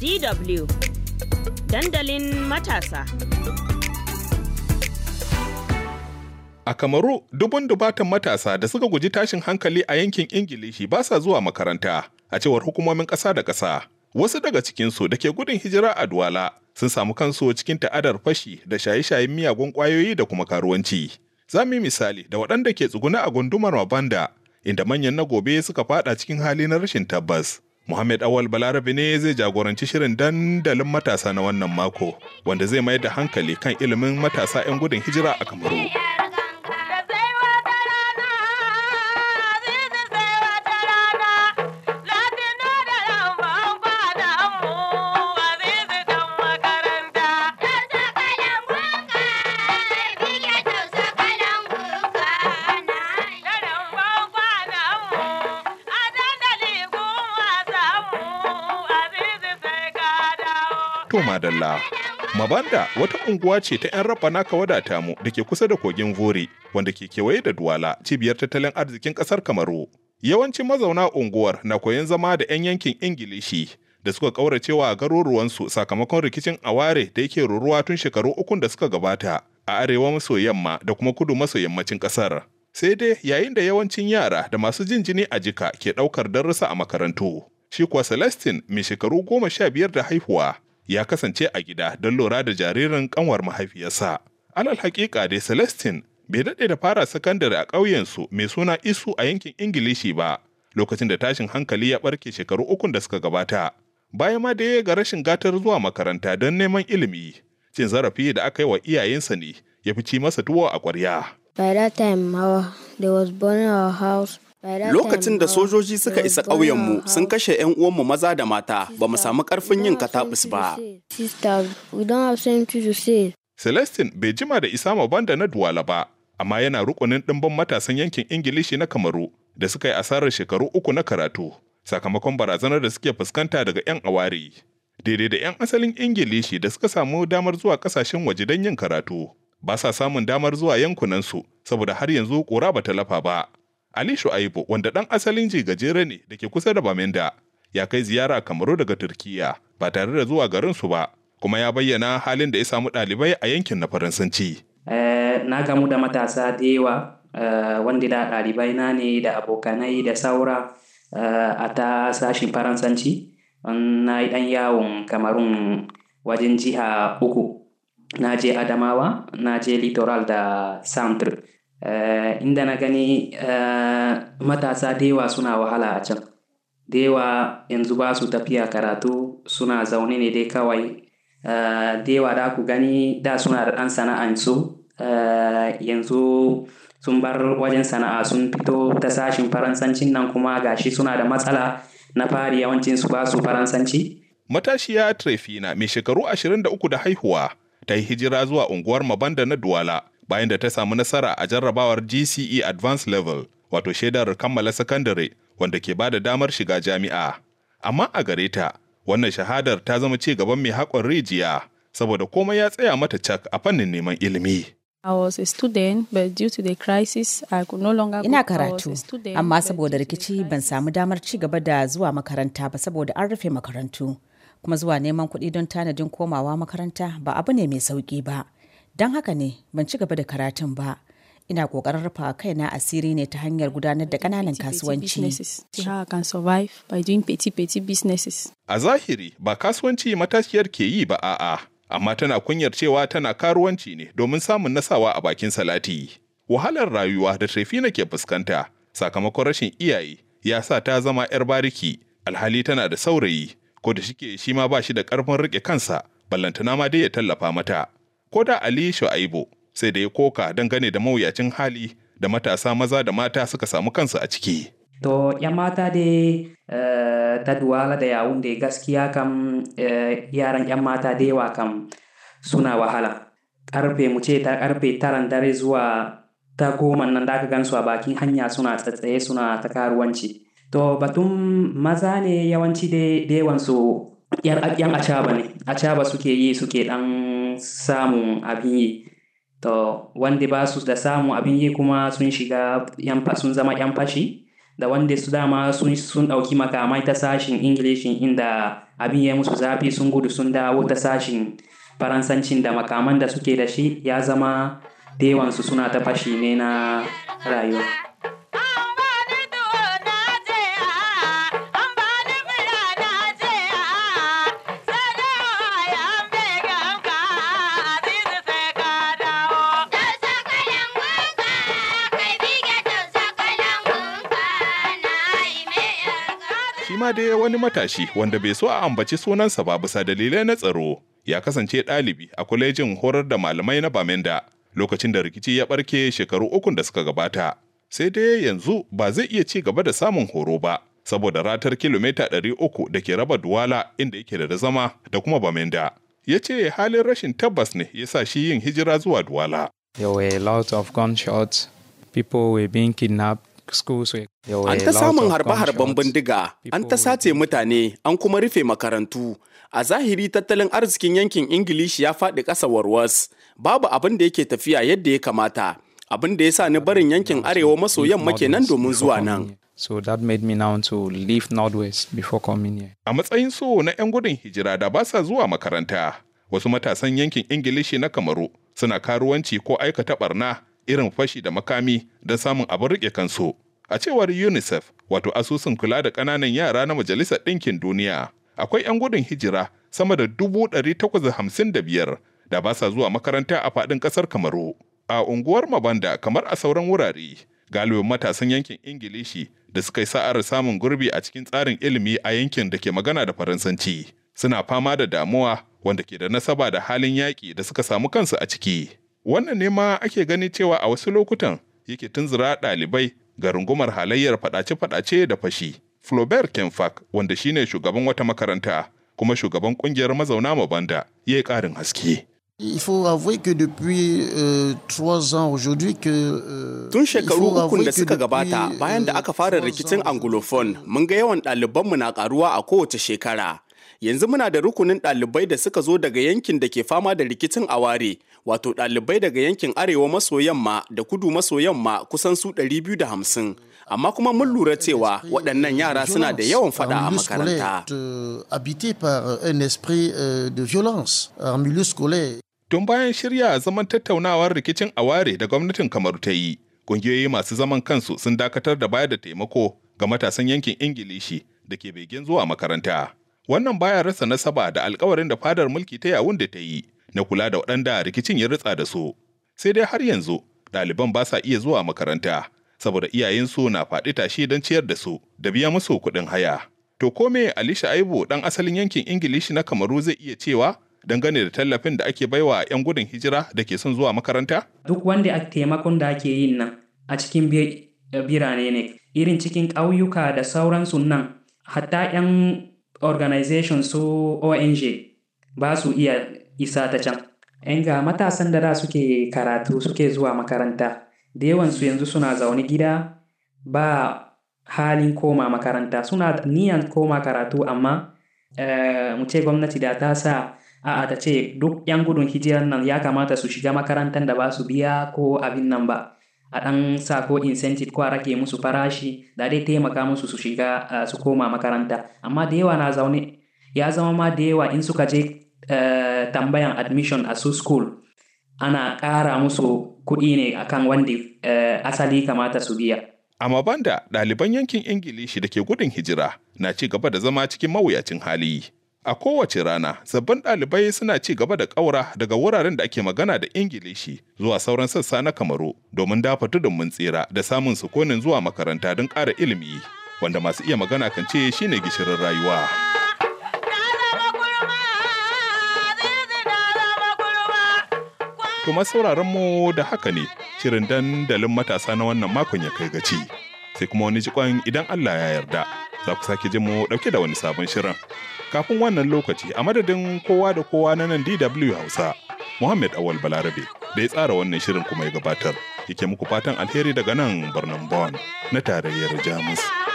DW dandalin matasa. A Kamaru, dubun dubatan matasa da suka guji tashin hankali a yankin Ingilishi ba sa zuwa makaranta, a cewar hukumomin ƙasa da ƙasa. Wasu daga cikinsu da ke gudun hijira a Duwala sun samu kansu cikin ta'adar fashi da shaye-shayen miyagun ƙwayoyi da kuma karuwanci. Za mu yi misali da waɗanda ke tsuguna a gundumar Mabanda, inda manyan na gobe suka faɗa cikin hali na rashin tabbas. Muhammad Awal Balarabe ne zai jagoranci shirin dandalin matasa na wannan mako, wanda zai mayar da hankali kan ilimin matasa 'yan gudun hijira a Kamaru. To madalla. Mabanda wata unguwa ce ta 'yan rabba naka wadata mu da ke kusa da kogin Vore wanda ke kewaye da Duwala cibiyar tattalin arzikin ƙasar Kamaru. Yawancin mazauna unguwar na koyon zama da 'yan yankin Ingilishi da suka ƙauracewa garuruwansu sakamakon rikicin aware da yake ruruwa tun shekaru ukun da suka gabata a arewa maso yamma da kuma kudu maso yammacin ƙasar. Sai dai yayin da yawancin yara da masu jin jini a jika ke ɗaukar darussa a makarantu. Shi kuwa Celestine mai shekaru goma sha biyar da haihuwa ya kasance a gida don lura da jaririn kanwar mahaifiyarsa. Alal hakika dai Celestin bai daɗe da fara sakandare a ƙauyensu mai suna Isu a yankin Ingilishi ba, lokacin da tashin hankali ya ɓarke shekaru ukun da suka gabata. Bayan ma da ya ga rashin gatar zuwa makaranta don neman ilimi, cin zarafi da aka yi wa iyayensa ne ya fi ci masa tuwo a ƙwarya. By that time, our, they was burning our house Lokacin da sojoji suka isa ƙauyenmu sun kashe 'yan uwanmu maza da mata ba mu samu ƙarfin yin kataɓus ba. Celestin bai jima da isa ma Banda na Duwala ba, amma yana rukunin ɗimbin matasan yankin Ingilishi na Kamaru da suka yi asarar shekaru uku na karatu sakamakon barazanar da suke fuskanta daga 'yan awari. Daidai da 'yan asalin Ingilishi da suka samu damar zuwa ƙasashen waje don yin karatu, ba sa samun damar zuwa yankunansu saboda har yanzu ƙura ba ta lafa ba. Ali Shu'aibu wanda ɗan asalin gajere ne da ke kusa da Bamenda ya kai ziyara Kamaru daga Turkiya ba tare da zuwa garin su ba kuma ya bayyana halin da ya samu ɗalibai a yankin na Faransanci. Eh, na gamu da matasa da yawa eh, wanda da ɗalibai na ne da abokanai da saura eh, a ta sashen Faransanci. Na yi ɗan yawon Kamarun wajen jiha uku. Na je Adamawa, na je Littoral da Centre. Eh, inda na gani eh, matasa da yawa suna wahala a can da yawa yanzu ba su tafiya karatu suna zaune ne dai kawai eh, da yawa da ku gani da suna da ɗan sana'ansu yanzu sun bar wajen sana'a sun fito ta sashin faransancin nan kuma gashi suna da matsala na fari yawancin su ba su faransanci. Matashiya Trefina mai shekaru 23 da haihuwa ta yi hijira zuwa unguwar Mabanda na Duwala bayan da ta samu nasara a jarrabawar GCE Advanced Level wato shaidar kammala sakandare wanda ke bada damar shiga jami'a. Amma a gare ta, wannan shahadar ta zama ci gaban mai haƙon rijiya saboda komai ya tsaya mata cak a fannin neman ilimi. I was a Ina karatu, amma saboda rikici ban samu damar ci gaba da zuwa makaranta ba saboda an rufe makarantu. Kuma zuwa neman kuɗi don tanadin komawa makaranta ba abu ne mai sauƙi ba. don haka ne ban ci gaba da karatun ba ina ƙoƙarin rufa kaina asiri ne ta hanyar gudanar da ƙananan kasuwanci. A zahiri ba kasuwanci matashiyar ke yi ba a'a, amma tana kunyar cewa tana karuwanci ne domin samun nasawa a bakin salati. Wahalar rayuwa da na ke fuskanta sakamakon rashin iyaye ya sa ta zama 'yar bariki alhali tana da saurayi ko da shike shi ma ba shi da ƙarfin riƙe kansa ballantana ma dai ya tallafa mata. ko da Ali Shu'aibu sai da ya koka dangane da mawuyacin hali da matasa maza da mata suka samu kansu a ciki. To, ‘yan mata da eh, ta duwala da yawun da gaskiya kam eh, yaran ‘yan mata da yawa kam suna wahala. Karfe mu ce ta karfe taran dare zuwa ta goma nan da aka gansu a bakin hanya suna tsatsaye suna ta karuwanci. To, batun maza ne yawanci da yawansu ‘yan acaba ne, acaba suke yi suke ɗan samun abin yi to wanda ba su da samun abin yi kuma sun shiga sun zama yan fashi da wanda su dama sun ɗauki makamai ta sashin ingilishin inda abin ya musu zafi sun gudu sun dawo ta sashin faransancin da makaman da suke da shi ya zama da suna ta fashi ne na rayuwa ma dai wani matashi wanda bai so a ambaci sunansa ba bisa dalilai na tsaro ya kasance ɗalibi a kwalejin horar da malamai na Bamenda lokacin da rikici ya ɓarke shekaru ukun da suka gabata. Sai dai yanzu ba zai iya ci gaba da samun horo ba saboda ratar kilomita ɗari uku da ke raba Duwala inda yake da zama da kuma Bamenda. Ya ce halin rashin tabbas ne ya sa shi yin hijira zuwa Duwala. There were a lot of gunshots, people were being kidnapped, An ta samun harba harban bindiga, an ta sace mutane, an kuma rufe makarantu. A zahiri tattalin arzikin yankin Ingilishi ya faɗi ƙasa warwas, babu abin da yake tafiya yadda ya kamata, abin da ya sa ni barin yankin arewa maso yamma ke nan domin zuwa nan. So that made me now to leave Northwest before coming here. A matsayin so na 'yan gudun hijira da ba sa zuwa makaranta, wasu matasan yankin Ingilishi na Kamaru suna karuwanci ko aikata barna irin fashi da makami don samun abin rike kansu. A cewar UNICEF, wato asusun kula da ƙananan yara na Majalisar Ɗinkin Duniya, akwai 'yan gudun hijira sama da dubu ɗari takwas hamsin da biyar da ba sa zuwa makaranta a faɗin ƙasar Kamaru. A unguwar Mabanda kamar a sauran wurare, galibin matasan yankin Ingilishi da suka yi sa'ar samun gurbi a cikin tsarin ilimi a yankin da ke magana da Faransanci, suna fama da damuwa wanda ke da nasaba da halin yaƙi da suka samu kansu a ciki. Wannan ne ma ake gani cewa a wasu lokutan yake tunzura ɗalibai ga rungumar halayyar faɗace-faɗace da fashi. Flaubert Kenfak, wanda shine shugaban wata makaranta kuma shugaban ƙungiyar mazauna mabanda, ya yi ƙarin haske. tun shekaru uku da suka gabata bayan da aka fara rikicin anglophone mun ga yawan ɗalibanmu na ƙaruwa a kowace shekara yanzu muna da rukunin ɗalibai da suka zo daga yankin da ke fama da rikicin aware wato ɗalibai daga yankin arewa maso yamma da kudu maso yamma kusan su 250 amma kuma mun lura cewa waɗannan yara suna da yawan fada a makaranta. Euh, Tun bayan shirya zaman tattaunawar rikicin aware da gwamnatin Kamaru ta yi, ƙungiyoyi masu zaman kansu sun dakatar da bayar da taimako ga matasan yankin Ingilishi da ke begin zuwa makaranta. Wannan baya rasa nasaba da alkawarin da fadar mulki ta yawun da ta yi na kula da waɗanda rikicin ya ritsa da su sai dai har yanzu ɗaliban ba sa iya zuwa makaranta saboda iyayensu na faɗi tashi don ciyar da su da biya musu kuɗin haya to kome ali alisha aibu ɗan asalin yankin ingilishi na kamaru zai iya cewa dangane da tallafin da ake baiwa 'yan gudun hijira da ke son zuwa makaranta? Duk wanda taimakon da ake yin nan a cikin birane ne, irin cikin ƙauyuka da sauransu nan, hatta 'yan organization su ONG ba su iya isa ta can ‘yan ga matasan da da suke karatu suke zuwa makaranta da yawansu yanzu suna zaune gida ba halin koma makaranta suna niyan koma karatu amma eh, mu ce gwamnati da ta sa a'a ta ce duk 'yan gudun hijiyar nan ya kamata su shiga makarantar da ba su biya ko abin nan ba a ɗan sa ko incentive ko a rage musu farashi da dai taimaka musu su shiga eh, su koma makaranta amma da yawa na zaune ya zama ma da yawa in suka je Eh, tambayan admission a su school ana ƙara musu kuɗi ne akan wanda eh, asali kamata su biya. Amma banda ɗaliban yankin Ingilishi da ke gudun hijira na ci gaba da zama cikin mawuyacin hali. A kowace rana, sabbin ɗalibai suna ci gaba da ƙaura daga wuraren da ake magana da Ingilishi zuwa sauran sassa na Kamaru domin dafa tudun mun tsira da samun sukunin zuwa makaranta don ƙara ilimi, wanda masu iya magana kan ce shine gishirin rayuwa. To sauraron mu da haka ne shirin dandalin matasa na wannan makon ya kai gaci. Sai kuma wani jikon idan Allah ya yarda za ku sake jin mu dauke da wani sabon shirin. Kafin wannan lokaci a madadin kowa da kowa na nan DW Hausa, Muhammad Awal Balarabe da ya tsara wannan shirin kuma ya gabatar. Yake muku fatan alheri daga nan birnin Bonn na tarayyar Jamus.